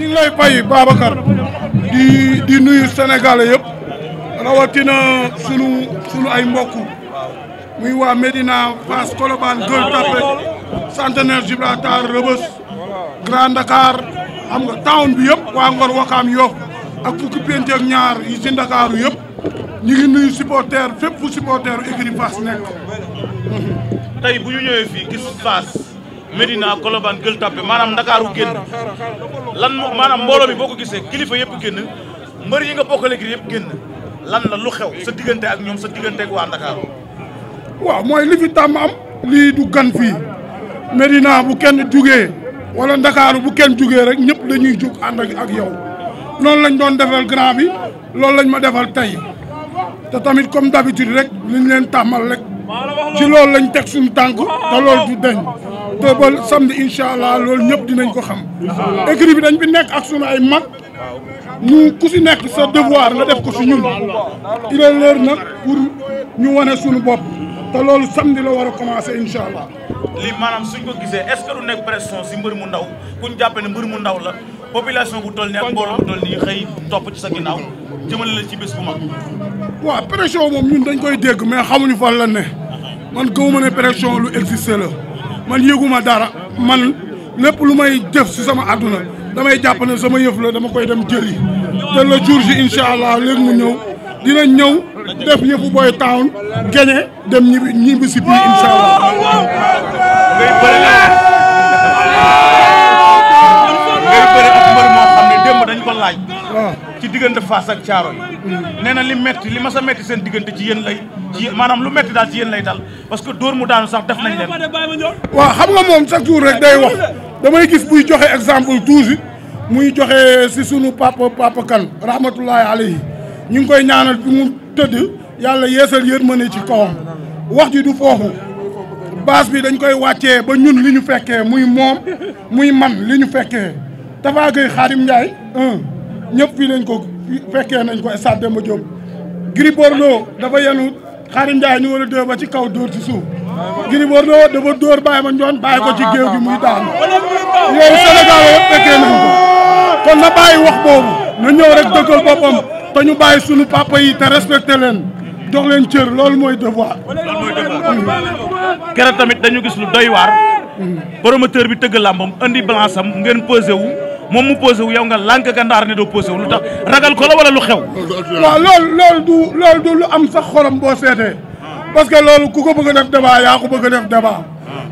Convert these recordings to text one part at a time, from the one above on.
ñu ngi lay fay Babacar di di nuyu Sénégalais yëpp rawatina sunu sunu ay mbokk muy waa Médina Fass Colobane Gueule Tapée Centenaire Gibraltar Rebeuss Grand Dakar xam nga town bi yëpp waa Ngor Wakaam Yoff ak fukki pénc ñaar yi si Ndakaaru yëpp ñu nuyu supporter fépp fu supporter écurie nekk. Médina Colobane Gueule Tapée maanaam Ndakaaru génn lan maanaam mbooloo mi boo ko gisee kilifa yëpp génn mbër yi nga bokkale gi yépp génn lan la lu xew sa diggante ak ñoom sa diggante ak waa Ndakaaru waaw mooy li fi tàmm am lii du gan fii Médina bu kenn jugee wala Ndakaaru bu kenn jógee rek ñëpp dañuy jug ànd ak yow loolu lañ doon defal grand bi loolu lañ ma defal tey te tamit comme d'habitude rek liñ leen tàmmal rek ci loolu lañu teg suñu tànk te loolu du deñ te ba samedi incha allah loolu ñëpp dinañ ko xam. écrit bi dañ bi nekk ak sunu ay mag. ñu ku si nekk sa devoir nga def ko si ñun. il est l'heure nag pour ñu wane suñu bopp. te loolu samedi la war a commencé incha allah. lii maanaam suñ ko gisee est-ce que du nekk pression si mbër mu ndaw kuñ jàppee ne mbër mu ndaw la population bu toll nii ak mbooloo bu toll nii xëy topp ci sa ginnaaw jëmale la ci bés bu mag. waaw pression moom ñun dañ koy dégg mais xamuñu fan la ne man gëwuma ne pression lu existé man yëguma dara man lépp lu may jëf si sama àdduna damay jàpp sama yëf la dama koy dem jëli te le jour ji incha léegi mu ñëw dina ñëw def yëfu boy town gagné dem ñibbi ñibbi si biir incha allah. ngay bëri ak mbër moo xam ne démb dañ ko laaj. ci diggante Fass ak Thiaroye nee na li metti li mas sa metti seen diggante ci yéen lay ci maanaam lu metti daal ci yéen lay dal parce que dóor mu daanu sax def nañ leen waaw xam nga moom chaque jour rek day wax damay gis buy joxe exemple toujours muy joxe si sunu papa papa kan rahmatullahi alayhi ñu ngi koy ñaanal bi mu tëdd yàlla yeesal yërmande ci kawam wax ji du foofu base bi dañ koy wàcce ba ñun li ñu fekkee muy moom muy man li ñu fekkee Tafa Gueye Xaadim ñëpp fii lañ ko fekkee nañ ko stade Demba Diop. Gris Bordeaux dafa yenu Xarim Ndiaye numéro 2 ba ci kaw dóor ci suuf Gris Bordeaux dafa dóor bàyyi ma njoon bàyyi ko ci géew gi muy daan yooyu Sénégal yëpp fekkee nañ ko kon na bàyyi wax boobu na ñëw rek dëggal boppam te ñu bàyyi sunu papa yi te respecté leen jox leen cër loolu mooy devoir. loolu mooy tamit dañu gis lu doy waar. Hmm. promoteur bi tëgg làmbam andi balance am ngeen pesé wu. moom mu posé wu yow nga lànk gandaar ne doo posé wu lu tax ragal ko la wala lu xew. waaw loolu loolu du lu am sax xorom boo seetee. parce que loolu ku ko bëgg a def débat yaa ko bëgg def débat.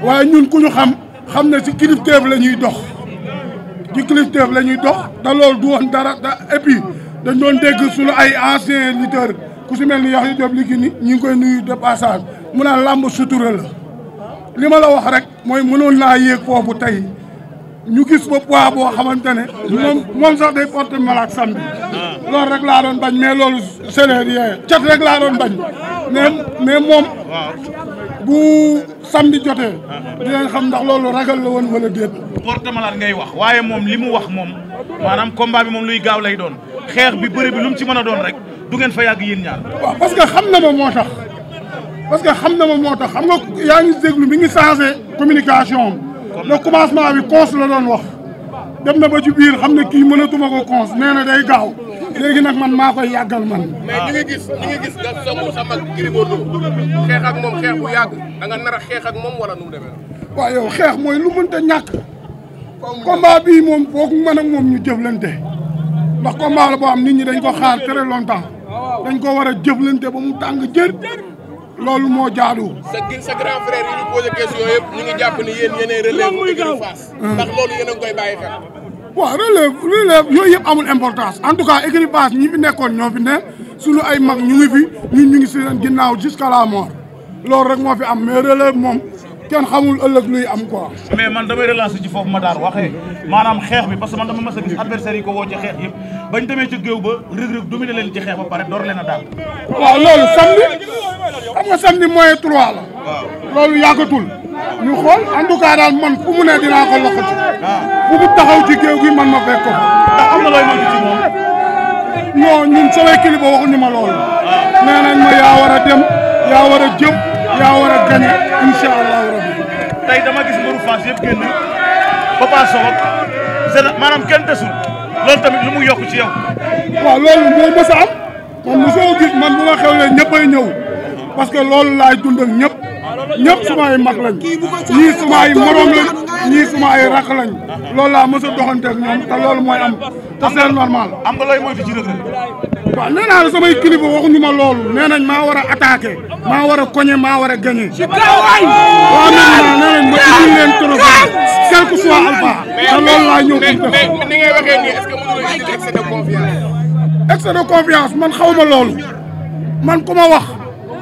waaye ñun ku ñu xam xam ne si kilifteef la ñuy dox. ci kilifteef la ñuy dox da loolu du woon dara da et dañ doon dégg suñu ay ancien lutteur ku si mel ni Yaxya Diop li ni ñu ngi koy nuyu de passage mu naan làmb sutura la. li ma la wax rek mooy mënoon naa yéeg foofu tey. ñu gis bopp waa boo xamante ne moom moom sax day porte malade samedi ah. loolu rek laa doon bañ mais loolu séeréer yee cat rek laa doon bañ mais mais moom bu samedi jotee ah, ah. dinañ xam ndax loolu ragal la woon wala déet porte malade ngay wax waaye moom li mu wax moom maanaam combat bi moom luy gaaw lay doon xeex bi bëri bi lu mu ci mën a doon rek du ngeen fa yàgg yéen ñaar waaw parce que xam na ma moo tax parce que xam na ma moo tax xam nga yaa ngi déglu mi ngi changé communication le commencement bi cons la doon wax dem na ba ci biir xam ne kii mënatuma ko cons nee na day gaaw léegi nag man maa koy yàggal man. mais ñu ngi gis ñu ngi gis nga soog sa mag Gris Bordeaux xeex ak moom xeex bu yàgg da nga nar a xeex ak moom wala nu mu demee. waaw yow xeex mooy lu mënta ñàkk. combat bii moom foog mën ak moom ñu jëflante ndax combat la boo xam nit ñi dañ ko xaar très longtemps dañ ko war a jëflante ba mu tàng jër. loolu moo jaadu. sa sa grand frère ne yooyu yëpp amul importance en tout cas écurie Fass ñi fi nekkoon ñoo fi ne suñu ay mag ñu ngi fi ñun ñu ngi seen ginnaaw jusqu'à la mort loolu rek moo fi am mais relève moom. kenn xamul ëllëg luy am quoi. mais man damay relancer ci ma daar waxee maanaam xeex bi parce que man dama mas a adversaire yi ko woo ci xeex yëpp bañ demee ci géew ba Reug Reug dominé leen ci xeex ba pare door leen a daal. waaw loolu samedi xam samedi mooy trois la. loolu yàggatul. ñu xol en tout cas dal man fu mu ne dina ko loxati. bu mu taxaw ci géew gi man ma fekk ko. ndax am na looy ci mom non ñun samay kilifa waxuñu ma loolu. nenañ ma ya wara dem ya wara jëm ya wara gagné inshallah rabbi tay dama gis mbiru Fass yeb génn ba pa sok manam kën desul loolu tamit lu mu yokk ci yow. wa loolu moo mës a am man mu so gis man bu ma xewlee ñëppay ñëw. parce que loolu laay dundal ñëpp ñëpp suma ay mag ñii suma ay morom ñii suma ay rakk loolu laa mos a doxanteeg ñoom te loolu mooy am te c'est normal. am nga looy moytu waxuñu ma loolu nee nañ maa war a attaqué maa war a koñe maa war a gagné. waaw ma indil leen trophée quel que soit alpha loolu laa ñëw fi mu de confiance. man xaw loolu man ku ma wax.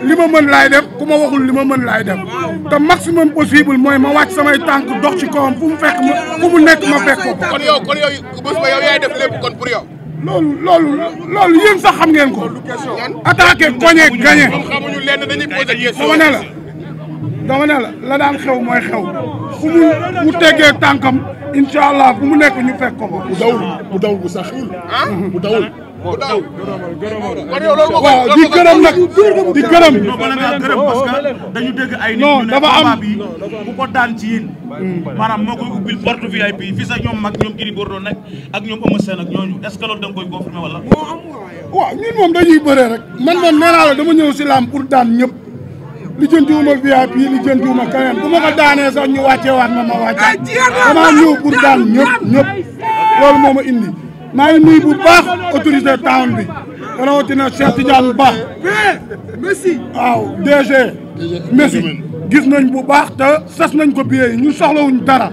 li ma mën laay def ku ma waxul li ma mën laay def te maximum possible mooy ma wàcc samay tànk dox ci kawam fu mu fekk fu mu nekk ma fekk ko. kon yow lépp kon pour yow. loolu loolu loolu yéen sax xam ngeen ko. attaqué cogné gagné. xamuñu lenn dañuy posé question. dama ne la dama ne la la daan xew mooy xew fu mu mu teggee tànkam incha allah fu mu nekk ñu fekk ko ko. bu dawul bu sax. Ah? bu daw waaw di gërëm nag di gërëm. non bala ngaa gërëm parce que dañu dégg ay bi bu ko daan ci yéen. maanaam moo koy ubbil porte VIP fii sax ñoom mag ñoom Gris Bordeaux nekk ak ñoom Eumeu Sène ak ñooñu est ce que loolu da nga moom dañuy dama ñëw si laam pour daan ñëpp. li jëntiwuma VIP li jëntiwuma keneen bu ma ko daanee sax ñu wàcceewaat ma ma wàccaat damaa ñëw pour daan ñëpp ñëpp loolu moo ma indi maa ngi nuyu bu baax autorité town bi rawatina Cheikh Tidiane Ba eh, Messi waaw DG Messi gis nañ bu baax te sas nañ ko billet yi ñu soxlawuñ dara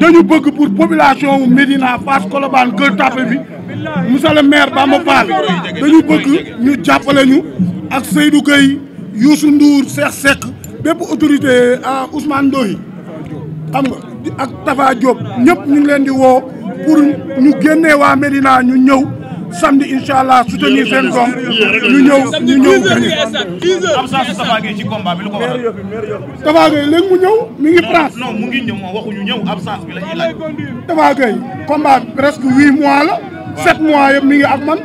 dañu bëgg pour population wu Médina Fass Colobane Gueule Tapée bi monsieur le maire Bamba Fall dañu bëgg ñu jàppale ak Seydou Gueye yuusu Ndour Cheikh Seck bépp autorité ah, Ousmane Ndoye xam nga ak Tafa Diop ñëpp ñu ngi leen di woo pour ñu génnee waa Médina ñu ñëw samedi incha allah soutenir seen doom ñu ñëw ñu ñëw gagné. absence Tapha mu ñëw mi ngi France. non mu ngi ñëw moom waxuñu ñëw absence bi la ñuy laaj. Tapha Gueye combat presque huit mois la. sept mois mi ngi ak man.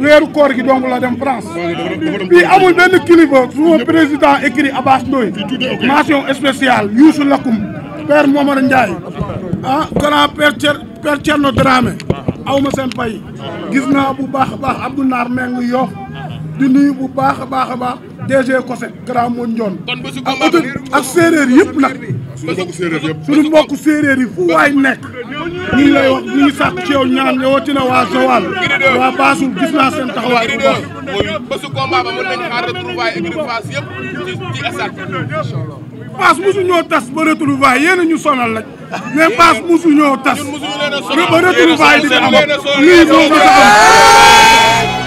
weeru koor gi donc la dem France fii amul benn kilifa suma président écrit Abbas Ndoye mention spéciale Youssou Lakoum père Momar Ndiaye ah grand père père Thierno Dramé aw ma seen pay gis naa bu baax a baax Abdou Naar Meng Yoff di nuyu bu baax a baax a baax DG Cosset grand Modou Ndione ak séeréer yëpp nag suñu mbokk séeréer yi fu waay nekk ñu ngi lay wax ñu ngi sàkk ci yow ñaan rawatina waa Joal waa Bassoul gis naa seen taxawaay bu baax. bésu combat ba mën nañu xaar retrouvailles équipe Fass yëpp ci ci stade Fass musu ñoo tas ba retrouvailles yéen ñu sonal lañ mais Fass musu ñoo tas ba retrouvailles di am lii moo mës a am